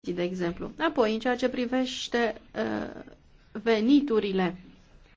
de exemplu. Apoi, în ceea ce privește uh, veniturile